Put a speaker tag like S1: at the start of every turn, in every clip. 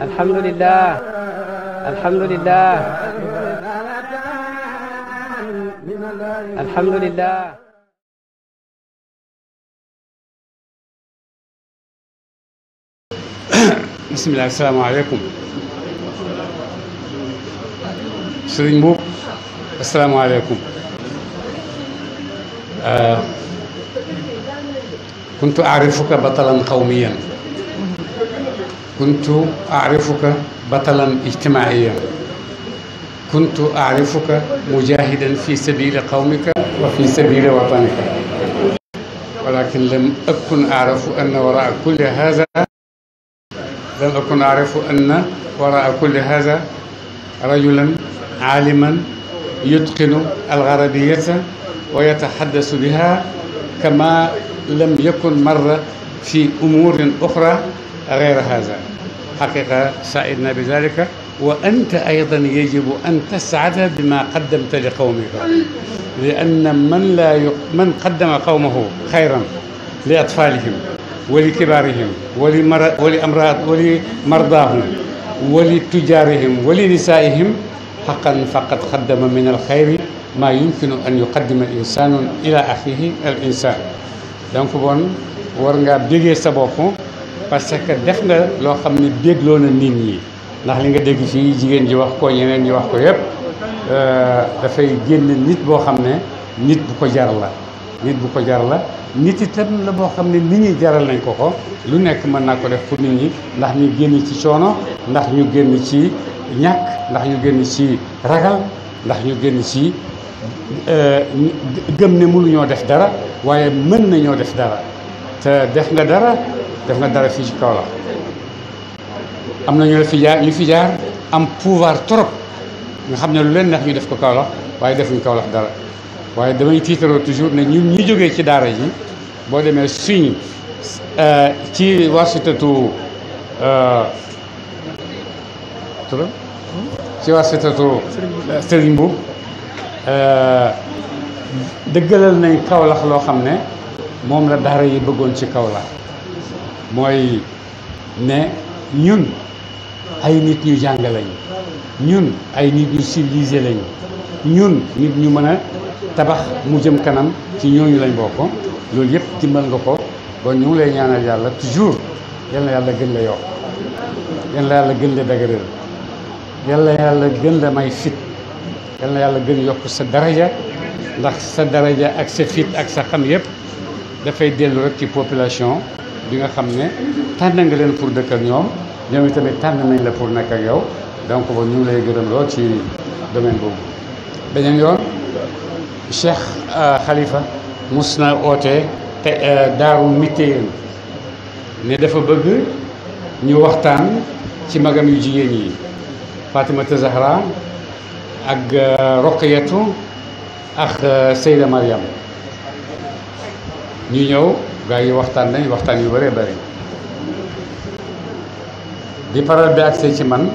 S1: alhamdulilah alhamdulilah alhamdulilah. bisimilah asalaamaaleykum. Serigne Mbour asalaamaaleykum. Euh, kuntu aarifuka batalan qawmiyan kuntu aarifuka batalan ijtimaiyan kuntu aarifuka mujahidan fi sabili qawmika wa fi sabili watanika walakin lam akun aarafu anna waraa kulli hada lam akun aarifu anna waraa kulli hada rajulan aaliman yutqinu algarabiyata wa yataxaddasu biha kama lam yakun marra fi umurin uxra gayra haza xaqiqa saidna bi dalika wa anta aydan yajibu an tasaada bima qaddamta li qawmika li anna man laa yu man qaddama qawmahu xayran li atfaalihim wa li kibaarihim wa li mara wa li amraat wa li mardaahum wa li tujaarihim wa li nisaa'ihim xaqan faqad qaddama min alxayri maa yumkinu an yuqaddima insaanun ilaa axiihi al insaan donc bon war ngaa bégee sa bopp parce que def nga loo xam ne bégloo na nit ñi ndax li nga dégg ci jigéen ji wax ko yeneen ñi wax ko yëpp euh, dafay génn nit boo xam ne nit bu ko jar la nit bu ko jar la nit itam la boo xam ne nit ñi jaral nañ ko ko lu nekk mën naa ko def pour nit ñi ndax ñu génn ci coono ndax ñu génn ci ñàkk ndax ñu génn ci ragal ndax ñu génn ci euh, gëm ne mënuñoo def dara waaye mën nañoo def dara te def nga dara def nga dara fii ci Kaolack am na ñu fi ñu fi jaar am pouvoir trop nga xam ne lu leen neex ñu def ko Kaolack waaye def defuñu Kaolack dara waaye damay tiitaroo toujours ne ñun ñu jógee ci daara ji boo demee suñ euh, ci wasitatu euh, ci wasitatu Serigne Mboup euh, dëggalal nañ Kaolack loo xam ne moom la daara yi bëggoon ci Kaolack mooy ne ñun ay nit ñu jàng lañu ñun ay nit ñu civilisé lañu ñun nit ñu mën a tabax mu jëm kanam ci ñooñu lañ bokk loolu yëpp dimbal nga ko boo ñu ngi lay ñaanal yàlla toujours yal yàlla gën la yokk yal yàlla gën la dagërël yal yàlla gën la may fit yal yàlla gën yokk sa daraja ndax sa daraja ak sa fit ak sa xam yëpp dafay dellu rek ci population bi nga xam ne tànn nga leen pour dëkk ak ñoom ñoom tamit tànn nañ la pour nekk ak yow donc ba ñu ngi lay gërëm lool ci domaine boobu. beneen yoon Cheikh euh, Khalifa mus na oote te euh, daaru mitéen ne dafa bëgg ñu waxtaan ci magam yu jigéen yi Fatimata Zahra ak euh, Roqayatu ak euh, Seyda Mariam ñu ñëw gaa yi waxtaan nañ waxtaan yu bëree bëri di parole bi agsee ci man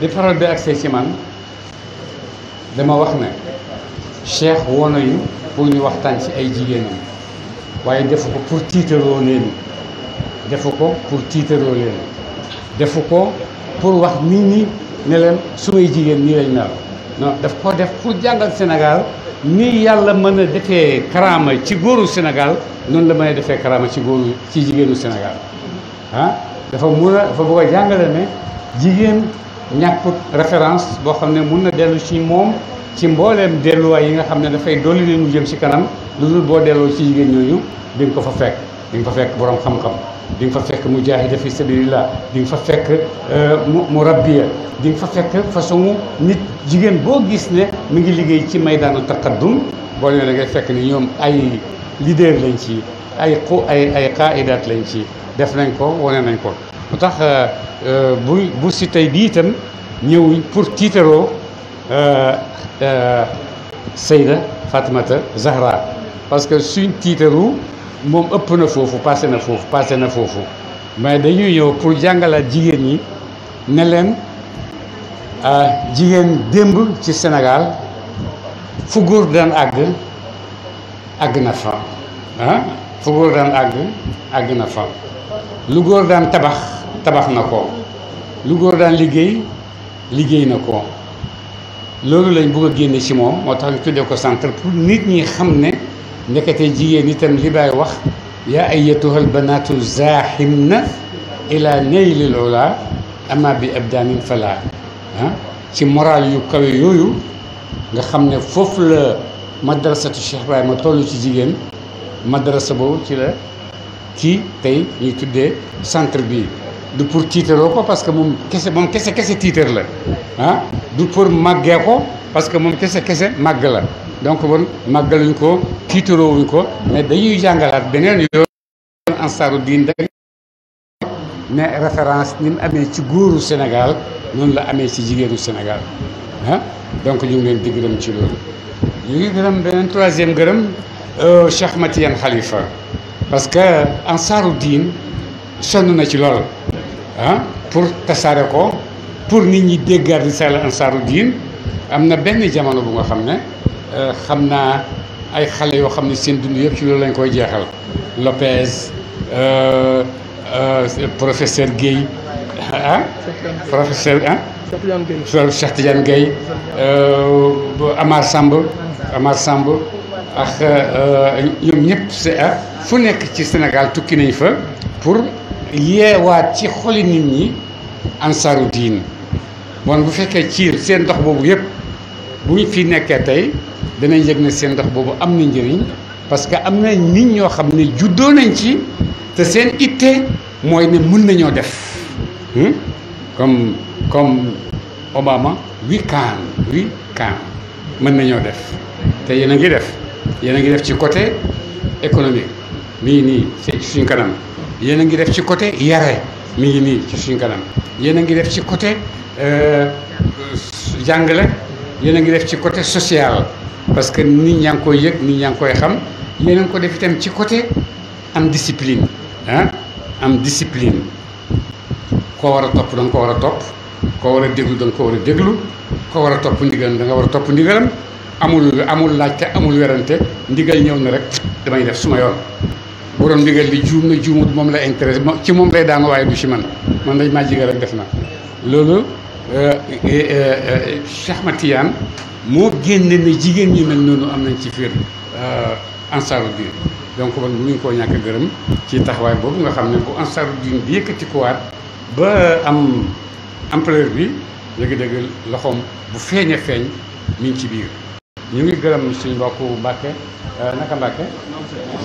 S1: di parole bi agsee ci man dama wax ne Cheikh woo nañu pour ñu waxtaan ci ay jigéenam waaye defu ko pour tiitaloo leen defu ko pour tiitaroo leen defu ko pour wax nit ñi ne leen sumay jigéen nii lañ mel non daf koo def pour jàngal Sénégal nii yàlla mën a defee karaama ci góoru Sénégal noonu la mën a defee karaama ci góoru ci jigéenu Sénégal ah dafa mun a dafa bëgg a jàngale ne jigéen ñàkkut référence boo xam ne mun na dellu ci moom ci mbooleem delluwaay yi nga xam ne dafay dolli leen mu jëm ci kanam lu dul boo delloo ci jigéen ñooñu di nga ko fa fekk di nga fa fekk boroom xam-xam di nga fa fekk mujaahida fi sabilillah di nga fa fekk euh, mu murabbiya di nga fa fekk façon nit jigéen boo gis ne mi ngi liggéey ci maydaanu taqaddum boo nee da ngay fekk ni ñoom ay leader lañ ci ay xu ay ay qaaidaat lañ ci def nañ ko wane nañ ko. mu tax euh, euh, bu bu si tey bii itam ñëw pour tiitaroo Seyda Fatimata Zahra parce que suñ tiitaru. moom ëpp na foofu passé na foofu passé na foofu mais dañuy ñëw pour jàngalaat jigéen ñi ne leen euh, jigéen démb ci senegal fu góor daan àgg àgg na fa ah daan àgg àgg na fa lu góor daan tabax tabax na ko lu góor daan liggéey liggéey na ko loolu lañ bëgg a génne ci moom moo tax ñu tuddee ko centre pour nit ñi xam ne ndekete jigéen itam li baay wax yaa ayyatuhal banaatu zaaximna ila naylil ula ama bi abdaanin fala ah, ci moral yu kawe yooyu nga xam ne foofu la madrasatu Cheikh Baye ma toll ci jigéen madrasa boobu ci la ci tey ñu tuddee centre bi du pour tiitaroo ko parce que moom kese moom kese kese tiitar la ah du pour màggee ko parce que moom kese kese màgg la donc bon màggaluñ ko tiitaroowuñ ko mais dañuy jàngalaat beneen yoon Ansaaru Diin dag ne référence mu amee ci góoru Sénégal noonu la amee ci jigéenu senegal ah donc ñu ngi leen di gërëm ci loolu ñu ngi gërëm beneen troisième gërëm euh, Cheikh Matiyan parce que Ansaaru Diin sonn na ci lool ah pour tasaare ko pour nit ñi déggaat risaala Ansaaru Diin am na benn jamono bu nga xam ne Euh, xam naa ay xale yoo xam ne seen dund yëpp ci loolu lañ koy jeexal Lopez euh, euh, professeur Guèye ah professeur ah Cheikh Tidiane Guèye Amar Samb Amar Samb ak ñoom ñëpp ah, fu nekk ci Sénégal tukki nañ fa pour yeewaat ci xoli nit ñi ansaaru diin bon bu fekkee ciir seen dox boobu yëpp buñ fi nekkee tey danañ yëg ne seen ndox boobu am na njëriñ parce que am na nit ñoo xam ne juddoo nañ ci te seen itte mooy ne mën nañoo def hmm? comme comme Obama we can mën nañoo def te yéen a ngi def yéen a ngi def ci côté économique mi ngi nii ci suñ kanam yéen a ngi def ci côté yare mi ngi nii ci suñ kanam yéen a ngi def ci côté euh, jàngale yéen a ngi def ci côté social parce que nit ñaa ngi koy yëg nit ñaa ngi koy xam yéen ko def itam ci coté am discipline ah am discipline koo war a topp da ko war a topp koo war a déglu da ko war a déglu koo war a topp ndigalam da nga war a topp ndigalam amul amul laajte amul werante ndigal ñëw na rek damay def suma yoon borom ndigal li juum na juumut moom la intéressé ci moom lay daanu waaye du ci man man dañ maa jigal rek def na loolu Euh, euh, euh, Cheikh moo génne ne jigéen ñi mel noonu am nañ ci fiir ansaaru diin donc man mënuñ koo ñàkk gërëm ci taxawaay boobu nga xam ne bu ansaaru diin bi yëkkati ko waat ba am ampleur bi dëgg-dëgg loxoom bu feeñee feeñ mi ci biir. ñu ngi gërëm suñ mbokku Mbacke naka Mbacke.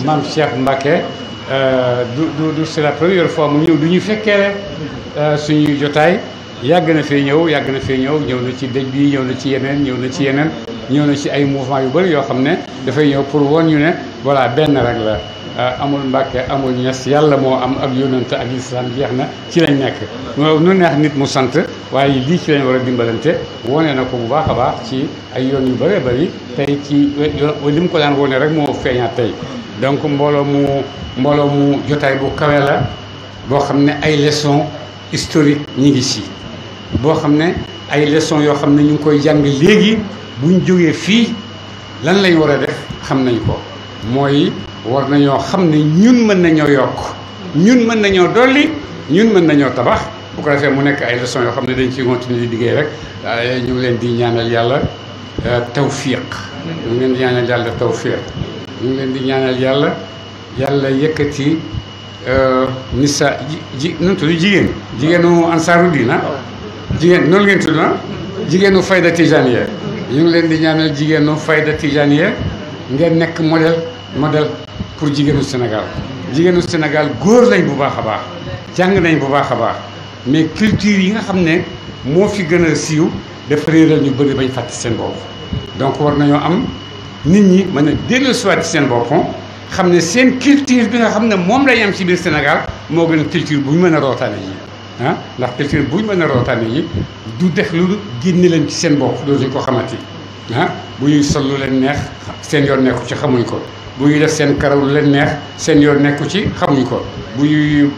S1: maam Cheikh Mbacke du du c'est la première fois mu ñëw du ñu fekkee suñuy jotaay. yàgg na fee ñëw yàgg na fee ñëw ñëw na ci dëj bi ñëw na ci yeneen ñëw na ci yeneen ñëw na ci ay mouvement yu bëri yoo xam ne dafay ñëw pour woon ñu ne voilà benn rek la ah, amul Mbàkke amul ñes yàlla moo am ak yónnante ak lislaam jeex na ci lañ nekk nu neex nit mu sant waaye lii ci lañ war a dimbalante wone na ko bu baax a baax ci ay yoon yu bëree bari tey ci li mu ko daan wone rek moo feeñaat tey donc mbooloo mu mbooloo mu jotaay bu kawe la boo xam ne ay leçon historique ñi ngi si boo xam ne ay leçon yoo xam ne ñu ngi koy jàng léegi bu ñu jógee fii lan lañ war a def xam nañ ko mooy war nañoo xam ne ñun mën nañoo yokk ñun mën nañoo dolli ñun mën nañoo tabax bu ko defee mu nekk ay leçon yoo xam ne dañ ciy continuer di liggéey rek ñu ngi leen di ñaanal yàlla euh, tawfiq ñu ngi leen di ñaanal yàlla tawfiq ñu ngi leen di ñaanal yàlla yàlla yëkkati euh, nisa ji ji nu mu tudd jigéenu ansaaru diina ah. jigéen noonu ngeen tudd ah jigéenu fayda tijaniya ñu ngi leen di ñaanal jigéenu fayda tijaniya ngeen nekk modèle modèle pour jigéenu Sénégal jigéenu Sénégal góor lañ bu baax a baax jàng nañ bu baax a baax mais culture yi nga xam ne moo fi gën a siiw dafa réeral ñu bëri bañ fàtte seen bopp donc war nañoo am nit ñi mën a dellu siwaat ci seen bopp xam ne seen culture bi nga xam ne moom lañ am ci biir Sénégal moo gën a culture bu ñu mën a rootaane ah ndax culture ñu mën a rootaan yi du def lu génne leen ci seen bopp doo ñu ko xamati ah bu ñuy sol lu leen neex seen yoon nekku ci xamuñ ko bu ñuy def seen karaw leen neex seen yoon nekku ci xamuñ ko bu ñuy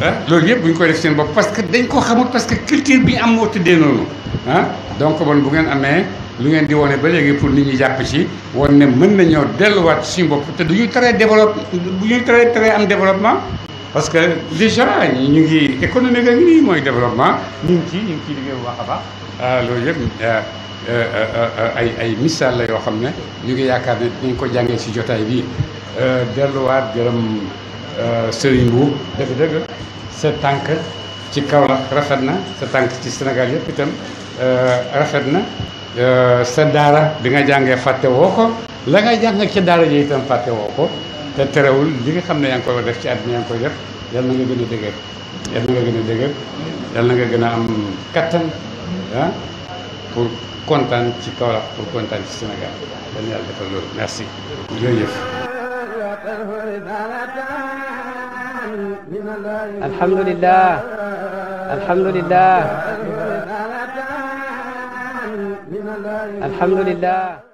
S1: ah, ah, loolu yëpp bu ñu koy def seen bopp parce que dañ ko xamul parce que culture bi am moo tëddee noonu ah donc man bu ngeen amee lu ngeen di wone ba léegi pour nit ñi jàpp ci woon ne mën na nañoo delluwaat suñu bopp te du ñu teree développe bu ñuy teree teree am développement parce que déjà ñu ngi économique ak mooy développement ñu ngi ci ñu ngi liggéey bu baax a baax euh, loolu yëpp euh, euh, ay ay misaal la yoo xam ne ñu ngi yaakaar ne dinañ ko jàngee si jotaay bi delluwaat gërëm Serigne Mbu dëgg-dëgg sa tànk ci kaw la rafet na sa tànk ci Sénégal yëpp itam rafet na sa daara bi nga jàngee fàtte woo ko la nga jàng ci daara ji itam fàtte woo ko te terewul li nga xam ne yaa ngi koy def ci àdduna yaa ngi koy def yal na nga gën a dëgër yal na nga gën a dëgër yal na nga gën a am kattan ah pour kontaan ci Kaolack pour kontaan ci Sénégal yal na yàlla defal loolu merci. jërëjëf. alhamdulilah alhamdulilah alhamdulilah.